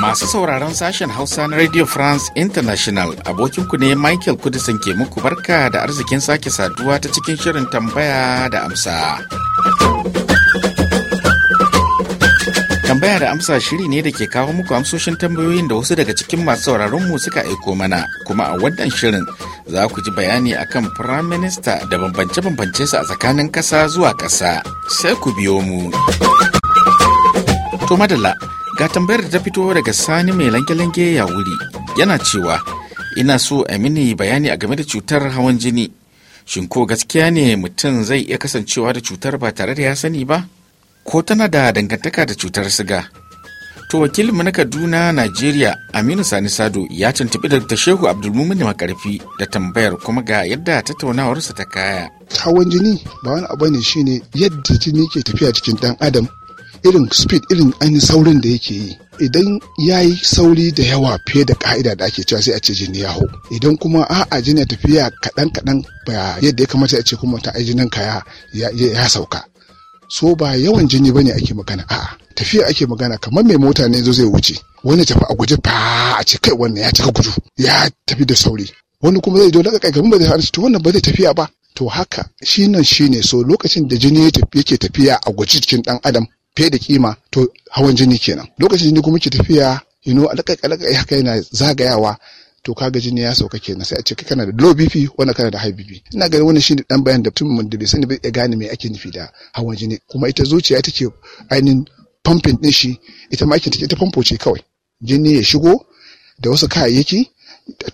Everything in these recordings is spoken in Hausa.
Masu sauraron sashen Hausa na Radio France International abokinku ne Michael Kudisin ke muku barka da arzikin sake saduwa ta cikin shirin tambaya da amsa. Tambaya da amsa shiri ne da ke kawo muku amsoshin tambayoyin da wasu daga cikin masu sauraron mu suka aiko mana kuma a wannan shirin za ku ji bayani akan Prime Minister da bambance-bambance sa a tsakanin kasa zuwa kasa. Sai ku biyo mu. To madalla ga tambayar da ta fito daga Sani mai langelange ya wuri yana cewa ina so a mini bayani a game da cutar hawan jini. Shin ko gaskiya ne mutum zai iya kasancewa da cutar ba tare da ya sani ba? ko tana da dangantaka da cutar siga to wakilinmu na kaduna najeriya aminu sani sado ya tuntuɓi dr shehu abdulmumin makarfi da tambayar kuma ga yadda tattaunawarsa ta kaya hawan jini ba wani abu ne shine yadda jini ke tafiya cikin dan adam irin speed irin ainihin saurin da yake yi idan ya yi sauri da yawa fiye da ka'ida da ake cewa sai a ce jini ya hau idan kuma a'a jini tafiya kaɗan kaɗan ba yadda ya kamata a ce kuma ta jinin ka ya sauka so ba yawan jini bane ake magana a'a tafiya ake magana kamar mai mota ne zo zai wuce wani tafi a guje fa a ce kai wannan ya cika gudu ya tafi da sauri wani kuma zai daga kai gaban ba zai harci to wannan ba zai tafiya ba to haka shi nan shi ne so lokacin da jini yake tafiya a guje cikin dan adam fiye da kima to hawan jini kenan lokacin jini kuma ke tafiya you know alaƙaƙa haka yana zagayawa to kaga jini ya sauka kenan sai a ce kana da low bp wanda kana da high bp ina ganin wannan shine dan bayan da mutum da bai sani ba ya gane me ake nufi da hawan jini kuma ita zuciya ke ainihin pumping din shi ita ma ake take ta famfo ce kawai jini ya shigo da wasu kayayyaki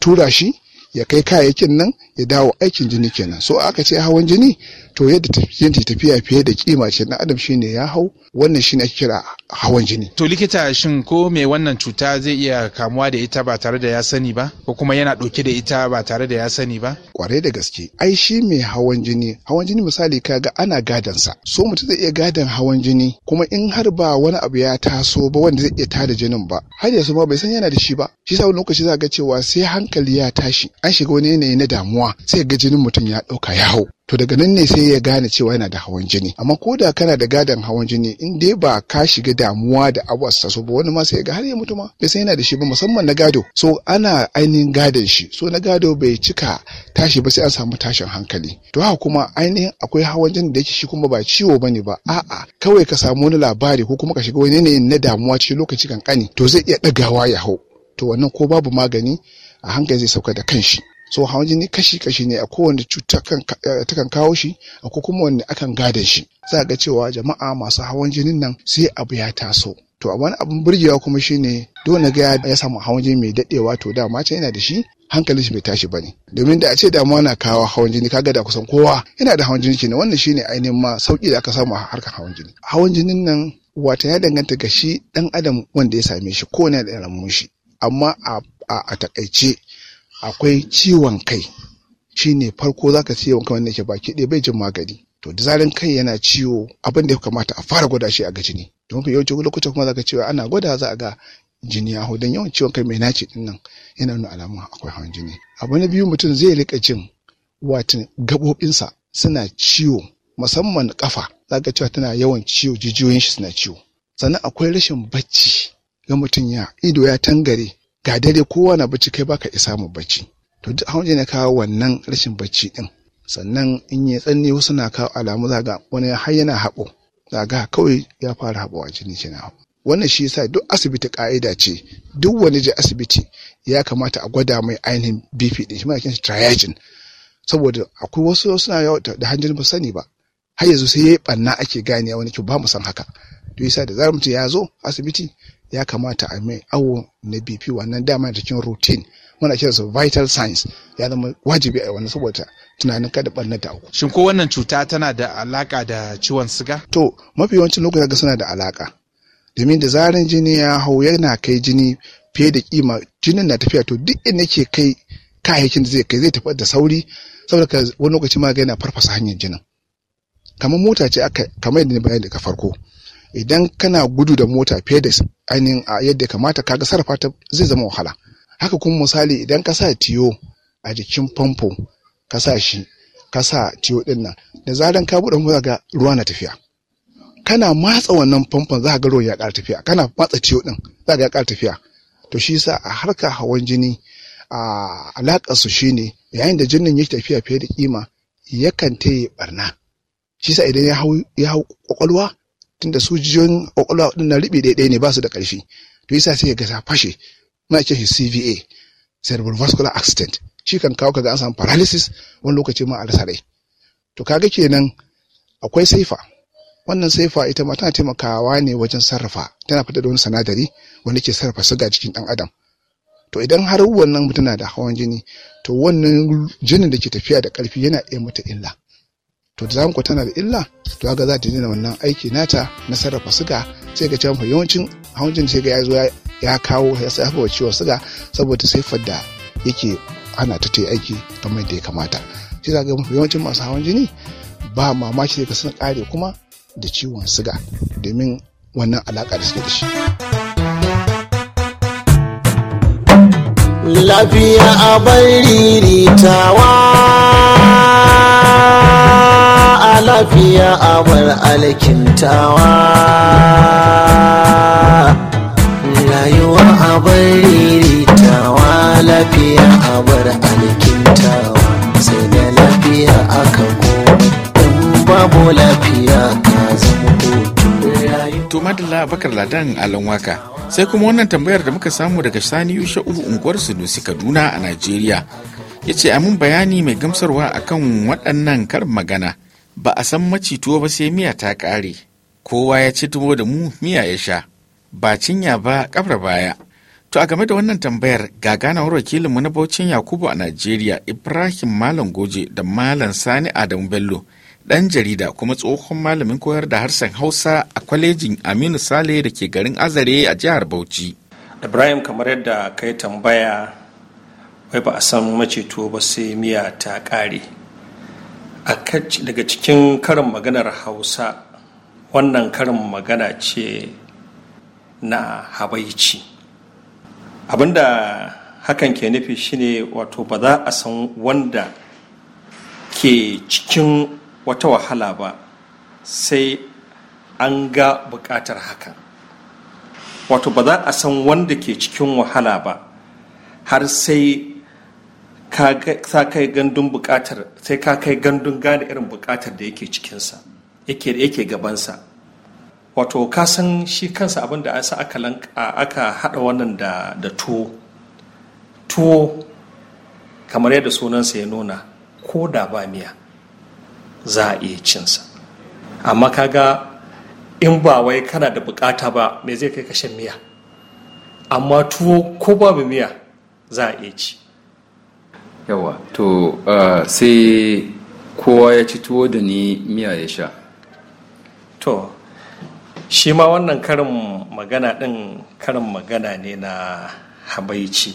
tura shi ya kai kayayyakin nan ya dawo aikin jini kenan so aka ce hawan jini to yadda tafiye tafiya fiye da kima ce na adam shine ya hau wannan shine ake kira hawan jini to likita shin ko me wannan cuta zai iya kamuwa da ita ba tare da ya sani ba ko kuma yana dauke da ita ba tare da ya sani ba kwarai da gaske ai shi mai hawan jini hawan jini misali kaga ana gadon sa so mutum zai iya gadan hawan jini kuma in har ba wani abu ya taso ba wanda zai iya tada jinin ba har yanzu ma bai san yana da shi ba shi sa wani lokaci za ga cewa sai hankali ya tashi an shiga wani yanayi na damuwa sai ga jinin mutum ya ɗauka ya to daga nan ne sai ya gane cewa yana da hawan jini amma ko da kana da gadon hawan jini in dai ba ka shiga damuwa da abuwa su ba wani ma sai ga har ya mutu ma bai san yana da shi ba musamman na gado so ana ainihin gadon shi so na gado bai cika tashi ba sai an samu tashin hankali to haka kuma ainihin akwai hawan jini da yake shi kuma ba ciwo ne ba a'a kawai ka samu wani labari ko kuma ka shiga wani yanayin na damuwa cikin lokaci kankani to zai iya ɗagawa ya hau to wannan ko babu magani a hankali zai sauka da kanshi so hawan jini kashi kashi ne a kowane cuta kan eh, kawo shi a kuma wanne akan gada shi za ga cewa jama'a masu hawan jinin nan sai abu ya taso to a wani abin burgewa kuma shine dole ga ya samu hawan jini mai dadewa to dama can yana da shi hankali shi bai tashi bane domin da a ce damuwa na kawo hawan jini kaga da kusan kowa yana da hawan jini kenan wannan shine ainihin ma sauki da aka samu a harkar hawan jini hawan jinin nan wata ya danganta ga shi dan adam wanda ya same shi ko na da ramun shi amma a a a takaice akwai ciwon kai shine farko zaka ciwon kai wanda yake baki ɗaya bai jin magani to da zaran kai yana ciwo abin da ya kamata a fara gwada shi a ga jini don mafi yawancin lokutan kuma zaka cewa ana gwada za a ga jini ya don yawan ciwon kai mai naci din nan yana nuna alamun akwai hawan jini abu na biyu mutum zai rika jin watin gabobinsa suna ciwo musamman kafa zaka cewa tana yawan ciwo jijiyoyin shi suna ciwo sannan akwai rashin bacci ga mutum ya ido ya tangare ga dare kowa na bacci kai baka isa mu bacci to duk hawan ne kawo wannan rashin bacci din sannan in ya tsanni wasu na kawo alamu zaga wani har yana haɓo zaga kawai ya fara haɓawa jini kenan wannan shi yasa duk asibiti ka'ida ce duk wani je asibiti ya kamata a gwada mai ainihin bp din shi ma shi triagen saboda akwai wasu suna yawo da hanjin ba sani ba har yanzu sai yayi banna ake gane wani ki ba mu san haka to yasa da zarar mutum ya zo asibiti ya kamata a mai awo na bp wannan dama cikin routine muna kira su vital signs ya zama wajibi a wani saboda tunanin kada barna ta auku shin ko wannan cuta tana da alaka da ciwon siga to mafi yawancin lokuta ga suna da alaka domin da zarin jini ya hau yana kai jini fiye da kima jinin na tafiya to duk inda ke kai kayayyakin da zai kai zai tafi da sauri saboda wani lokaci ma ga yana farfasa hanyar jinin kamar mota ce aka kamar yadda na bayani daga farko idan kana gudu da mota fiye da ainihin a yadda kamata kaga sarrafa ta zai zama wahala haka kuma misali idan ka sa tiyo a jikin famfo ka sa shi ka sa tiyo din nan da zaran ka buɗe mota ga ruwa na tafiya kana matsa wannan famfon za ka ga ruwa ya ƙara tafiya kana matsa tiyo din za ka ya ƙara tafiya to shi yasa a harka hawan jini a alaƙar su shine yayin da jinin yake tafiya fiye da kima yakan taya barna shi yasa idan ya hau ya hau kwakwalwa tunda su jijiyoyin kwakwalwa na riɓe ɗaya ne ba su da ƙarfi to yasa sai ga ta fashe muna ce shi CVA cerebrovascular accident shi kan kawo kaga an samu paralysis wani lokaci ma a rasa rai to kaga kenan akwai saifa wannan saifa ita ma tana taimakawa ne wajen sarrafa tana fitar da wani sanadari wanda ke sarrafa suga jikin ɗan adam to idan har wannan mutum na da hawan jini to wannan jinin da ke tafiya da ƙarfi yana iya mata illa to da zamu ku tana da illa to ga za ta nuna wannan aiki nata na sarrafa suga sai ga cewa yawancin hawan jini sai ga ya zo ya kawo ya sa wa ciwon suga saboda sai da yake ana ta ta aiki kamar yadda ya kamata sai za ga yawancin masu hawan jini ba mamaki ka sun kare kuma da ciwon suga domin wannan alaka da suke da shi lafiya a bari riritawa lafiya a bar alkintawa rayuwa a bar riritawa lafiya a bar alkintawa sai da lafiya aka in babu lafiya ka zama hutu to madalla bakar ladan alan waka sai kuma wannan tambayar da muka samu daga sani sha'ubu unguwar Nusi kaduna a najeriya ya ce amin bayani mai gamsarwa akan waɗannan karin magana ba a san tuwo ba sai miya ta ƙare kowa ya ci tumo da mu miya ya sha ba cinya ba ƙafar baya to a game da wannan tambayar ga ganawar wakilinmu na baucin Yakubu a Najeriya Ibrahim Malam Goje da Malam Sani Adamu Bello ɗan jarida kuma tsohon malamin koyar da harshen Hausa a kwalejin Aminu Sale da ke garin Azare a jihar Bauchi. Ibrahim kamar yadda yi tambaya wai ba a san tuwo ba sai miya ta ƙare. daga cikin karin maganar hausa wannan karin magana ce na habaici abinda hakan ke nufi shine wato ba za a san wanda ke cikin wata wahala ba sai an ga bukatar hakan wato ba za a san wanda ke cikin wahala ba har sai sa kai gandun bukatar sai ka kai gandun gane irin bukatar da yake cikinsa yake yake gabansa wato ka san shi kansa abin da asa aka aka hada wannan da tuwo tuwo kamar yadda sunansa ya nuna ko da ba miya za a iya cinsa amma kaga in ba wai kana da bukata ba mai zai kai kashen miya amma tuwo ko babu miya za a iya ci yawa to uh, sai kowa ya ci tuwo da ni miya ya sha to shi ma wannan karin magana din karin magana ne na habaici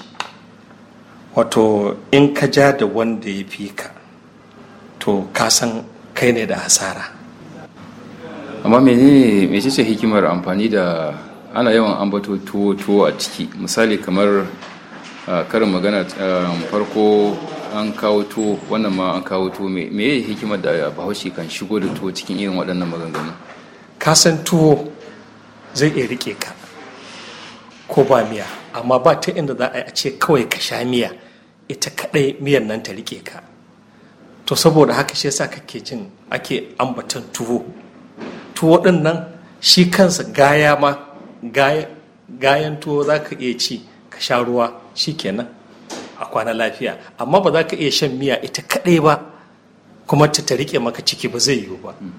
wato in ka ja da wanda ya fi ka to ka san kai ne da hasara amma menene mecece hikimar amfani da ana yawan ambato tuwo tuwo a ciki misali kamar karin magana um, farko an kawo to wannan ma an kawo to me yi hikimar da bahaushe kan shigo da to cikin irin waɗannan maganganu ka san tuwo zai iya rike ka ko ba miya amma ba ta inda za a yi a ce kawai ka sha miya ita kaɗai miyan nan ta rike ka to saboda haka shi yasa kake jin ake ambatan tuwo tuwo ɗin nan shi kansa gaya ma gayan tuwo za ka iya ci ka sha ruwa shikenan a kwana lafiya amma ba za ka iya shan miya ita kaɗai ba kuma ta ta rike maka ciki ba zai yiwu ba mm.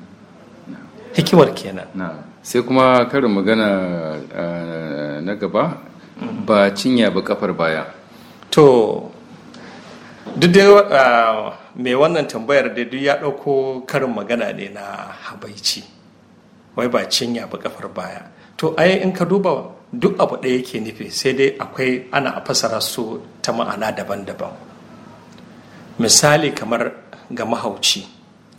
hikimar kenan sai kuma karin magana na gaba mm. ba cinya ba kafar baya to duk dai mai wannan tambayar da duk ya ɗauko karin magana ne na habaici wai ba cinya ba kafar baya to ai in ka duba duk abu ɗaya yake nufi sai dai akwai ana fasara su ta ma'ana daban-daban misali kamar ga mahauci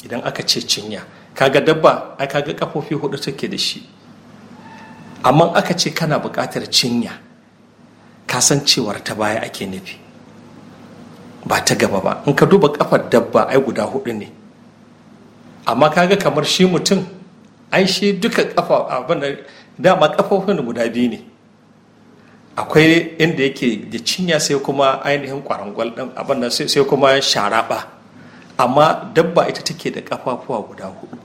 idan aka ce cinya kaga dabba ai kaga kafofi hudu take da shi amma aka ce kana buƙatar cinya kasancewar ta baya ake nufi ba ta gaba ba in ka duba kafar dabba ai guda hudu ne amma kaga kamar shi mutum an shi duka kafa abin da dama kafofin guda biyu ne akwai inda yake da cinya sai kuma ainihin kwarangwal din abin nan sai kuma sharaba amma dabba ita take da kafafuwa guda hudu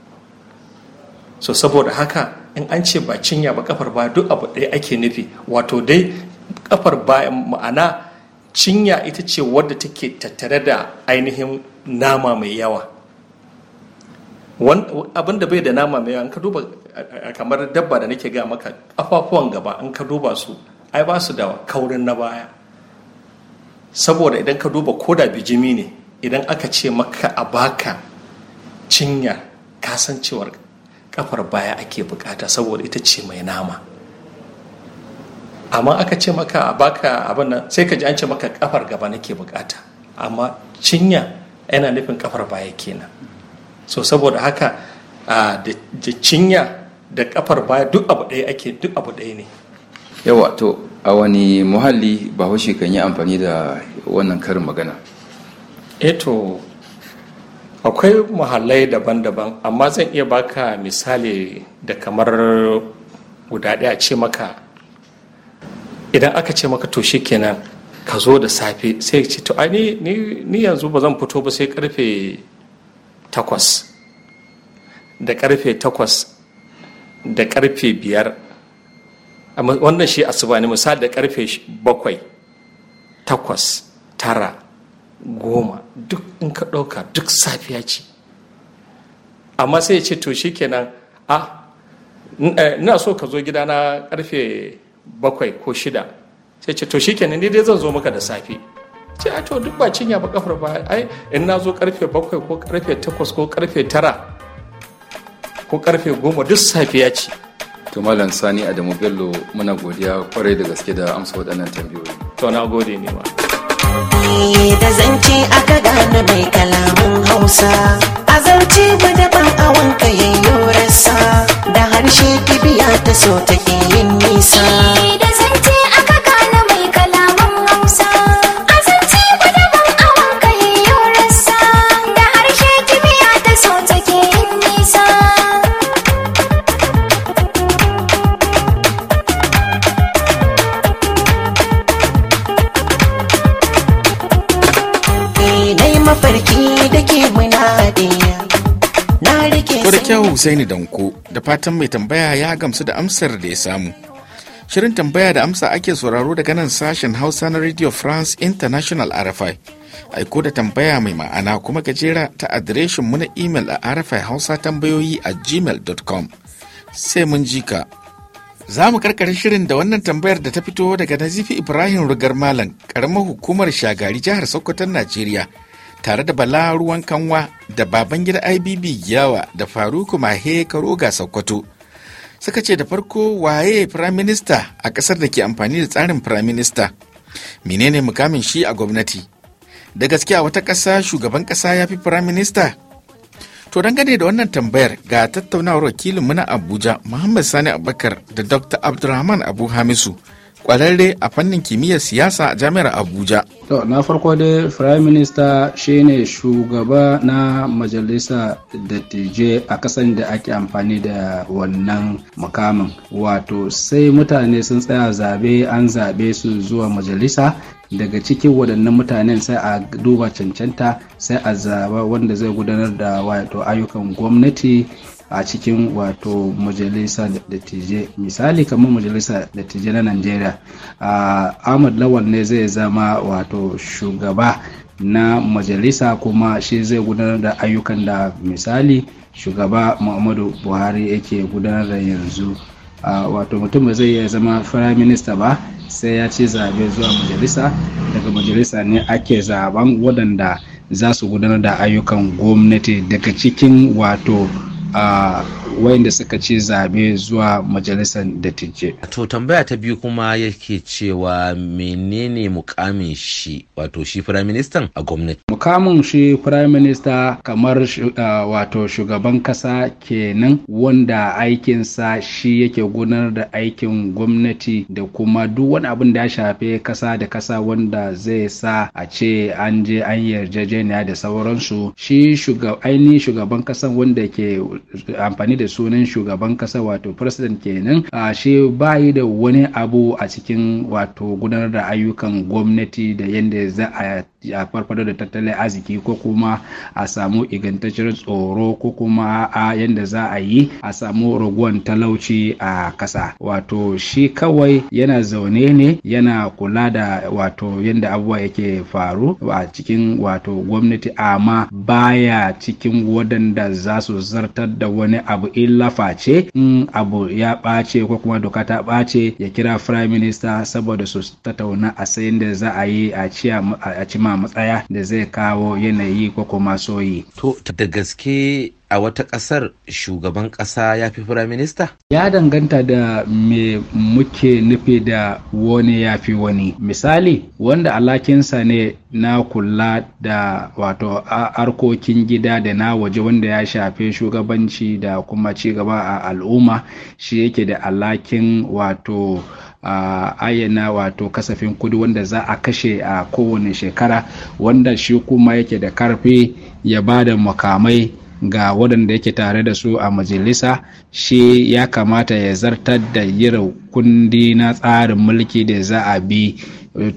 so saboda haka in an ce ba cinya ba kafar ba duk abu ɗaya ake nufi wato dai kafar ba ma'ana cinya ita ce wadda take tattare da ainihin nama mai yawa abin da bai da nama mai an ka duba kamar dabba da nake ga maka afafuwan gaba an ka duba su ai ba su da kaurin na baya saboda idan ka duba ko koda bijimi ne idan aka ce maka a baka cinya kasancewar kafar baya ake bukata saboda ita ce mai nama amma aka ce maka a baka abin nan sai ka ji an ce maka kafar gaba nake bukata amma cinya yana nufin kafar baya kenan so saboda haka da cinya da kafar baya duk abu ɗaya ake duk abu ɗaya ne yawa to a wani muhalli ba bahaushe kan yi amfani da wannan karin magana eto eh akwai muhallai daban-daban amma zan iya baka misali da kamar guda ɗaya ce maka idan aka ce maka to shikenan ka zo da safe sai ce to ni yanzu ba zan fito ba sai karfe takwas da karfe takwas da karfe biyar wannan shi asuba ne misali da karfe bakwai takwas tara goma duk in ka ɗauka duk safiya ce amma sai ya ce to shi kenan a eh, ina so ka zo gidana na karfe bakwai ko shida sai ce to shi kenan ni dai zan zo maka da safe ce a to duk ba cinya ba kafar ba ai in na zo karfe bakwai ko karfe takwas ko karfe tara ko karfe goma duk safiya ce to malam sani adamu bello muna godiya kwarai da gaske da amsa waɗannan tambayoyi to na gode ne ma eh, da zance aka gane mai kalamun hausa a zance ba daban a wanka rasa da harshe kibiya ta so take yin nisa eh, Usaini Danko da fatan mai tambaya ya gamsu da amsar da ya samu. Shirin tambaya da amsa ake sauraro daga nan sashen Hausa na Radio France International RFI. Aiko da tambaya mai ma'ana kuma gajera ta adireshin mu na imel a RFI Hausa tambayoyi a gmail.com. Sai mun ji ka. Za mu karkare shirin da wannan tambayar da ta fito daga Nazifi Ibrahim Rugar Malam, karamar hukumar Shagari jihar Sokoton Najeriya. tare da bala ruwan kanwa da baban gida ibb yawa da faruku mahe ga sokoto suka ce da farko waye prime minister a kasar da ke amfani da tsarin prime minister menene mukamin shi a gwamnati da gaskiya wata ƙasa shugaban ƙasa ya fi prime minister to gane da wannan tambayar ga tattaunawar wakilin na abuja muhammad sani abubakar da dr abdulrahman abu hamisu kwararre a fannin kimiyyar siyasa a jami'ar abuja to na farko dai prime minister shine shugaba na majalisa dattijai a kasan da ake amfani da wannan mukamin wato sai mutane sun tsaya zabe an zabe su zuwa majalisa daga cikin waɗannan mutanen sai a duba cancanta sai a zaba wanda zai gudanar da wato ayyukan gwamnati a cikin wato majalisa da tije misali kamar majalisa da tije na najeriya ahmad lawal ne zai zama wato shugaba na majalisa kuma shi zai gudanar da ayyukan da misali shugaba muhammadu buhari yake gudanar da yanzu a wato mutum ba zai iya zama prime minista ba sai ya ce zaɓe zuwa majalisa daga majalisa ne ake zaben waɗanda za su gudanar da ayyukan gwamnati daga cikin wato uh, wayanda suka ce zabe zuwa majalisar dattijai. To tambaya ta biyu kuma yake cewa menene mukamin shi wato shi firayim ministan a gwamnati. Mukamin shi firayim minista kamar wato shugaban kasa kenan wanda aikinsa shi yake gudanar da aikin gwamnati da kuma duk wani abin da ya shafe kasa da kasa wanda zai sa a ce an je an yarjejeniya da sauransu shi ainihin shugaban kasan wanda ke amfani da sunan shugaban kasa wato president kenan a shi bayi da wani abu a cikin wato gudanar da ayyukan gwamnati da yadda za a a farfado da tattalin arziki ko kuma a samu ingantaccen tsoro ko kuma a yadda za a yi a samu raguwan talauci a kasa wato shi kawai yana zaune ne yana kula da wato yadda abubuwa yake faru a cikin wato gwamnati amma baya cikin wadanda za su zartar da wani abu illa face in abu ya ɓace ko kuma doka ta ɓace ya kira prime minister saboda su tattauna a sayin da za a yi a ci ma matsaya da zai kawo yanayi ko kuma soyi. To da gaske a wata ƙasar shugaban ƙasa ya fi firaminista? Ya danganta da me muke nufi da wani ya fi wani. Misali, wanda alakinsa ne na kula da wato harkokin gida da na waje wanda ya shafe shugabanci da kuma cigaba a al'umma shi yake da alakin wato a uh, ayyana wato kasafin kudi wanda za a kashe a uh, kowane shekara wanda shi kuma yake da karfi ya ba da makamai ga waɗanda yake tare da su a majalisa shi ya kamata ya zartar da yira kundi na tsarin mulki da za a bi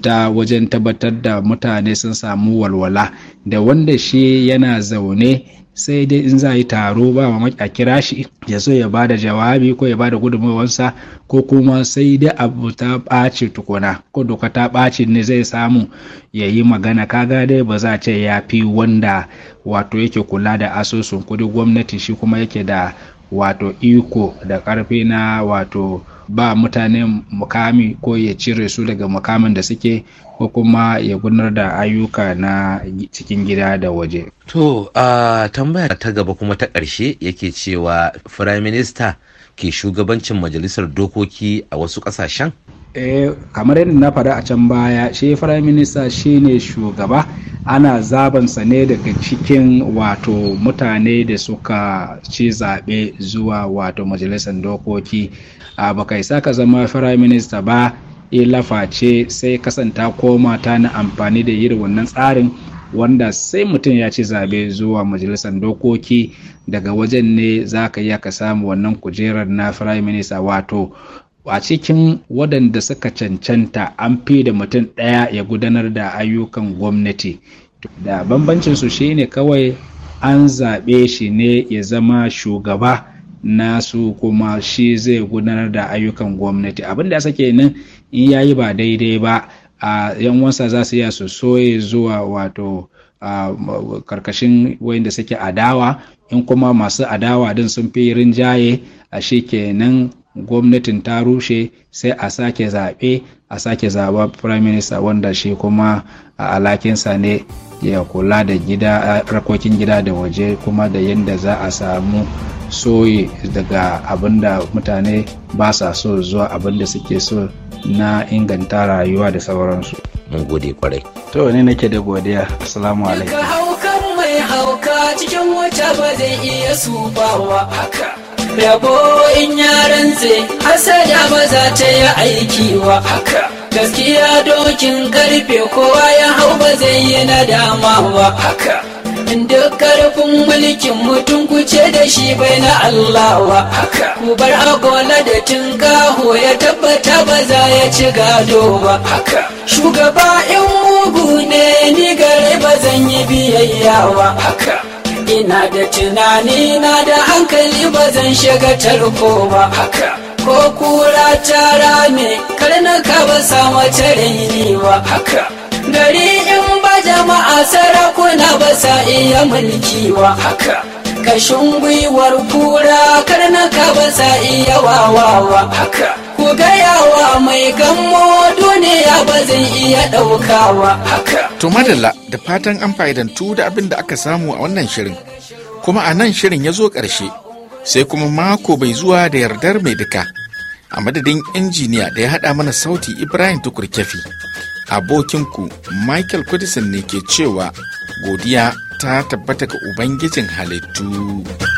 ta wajen tabbatar da mutane sun samu walwala da wanda shi yana zaune sai dai in za a yi taro ba mamaki a kira shi ya so ya bada jawabi ko ya bada gudunmawarsa ko kuma sai dai abu ta ɓaci tukuna ko doka ta ɓaci ne zai samu ya yi magana kaga dai ba za a ce ya fi wanda wato yake kula da asusun kudi gwamnati shi kuma yake da wato iko da ƙarfi na wato ba mutane mukami ko ya cire su daga mukamin da suke ko kuma ya gunar da ayyuka na cikin gida da waje. To, a tambaya ta gaba kuma ta ƙarshe yake cewa Firayim Minista ke shugabancin Majalisar Dokoki a wasu ƙasashen? eh kamar yadda na faɗa a can baya shi firayim minista ne shugaba ana zabansa ne daga cikin wato mutane da suka ci zaɓe zuwa wato majalisar dokoki a ah, baka isa ka zama firayim minista ba lafa ce sai kasanta koma ta na amfani da yi wannan tsarin wanda sai mutum ya ci zabe zuwa majalisar dokoki daga wajen ne za ka iya ka samu wannan kujerar na prime minister wato a cikin waɗanda suka cancanta an fi da mutum ɗaya ya gudanar da ayyukan gwamnati da bambancin su shine kawai an zaɓe shi ne ya zama shugaba nasu kuma shi zai gudanar da ayyukan gwamnati abin da sake nan in ya yi ba daidai ba a yan wasa za su iya su soye zuwa wato karkashin wayanda suke adawa in kuma masu adawa din sun fi rinjaye a shi kenan gwamnatin ta rushe sai a sake zaɓe a sake zaɓa prime minister wanda shi kuma a alakinsa ne ya kula da gida harkokin gida da waje kuma da yadda za a samu soyi daga abin da mutane ba sa so zuwa abin da suke so na inganta rayuwa da sauransu. Mun gode kwarai. To ne nake da godiya. Assalamu alaikum. Daga haukan mai hauka cikin wata ba zai iya su haka. rabo in yarantse hasada ba za ta yi aiki wa haka gaskiya dokin karfe kowa ya hau ba zai yi na dama wa haka duk karfin mulkin mutum ku ce da shi bai na Allah wa haka ku bar agola da tinkaho ya tabbata ba za ya ci gado ba haka shugaba in mugu ne ni gare ba zan yi biyayya wa haka ina da tunani na da hankali ba zan shiga tarko ba ko kura ta rame karnuka ba samu tarihi ba haka gari in ba jama'a sarakuna ba sa iya mulki wa kashin gwiwar kura karnuka ba sa iya wawa haka ku gaya wa mai gammo ya ba zan to madalla da fatan an fa'idantu da abin da aka samu a wannan shirin kuma a nan shirin ya zo ƙarshe sai kuma mako bai zuwa da yardar mai duka a madadin injiniya da ya haɗa mana sauti ibrahim tukur abokinku michael kudisin ne ke cewa godiya ta tabbata ga ubangijin halittu.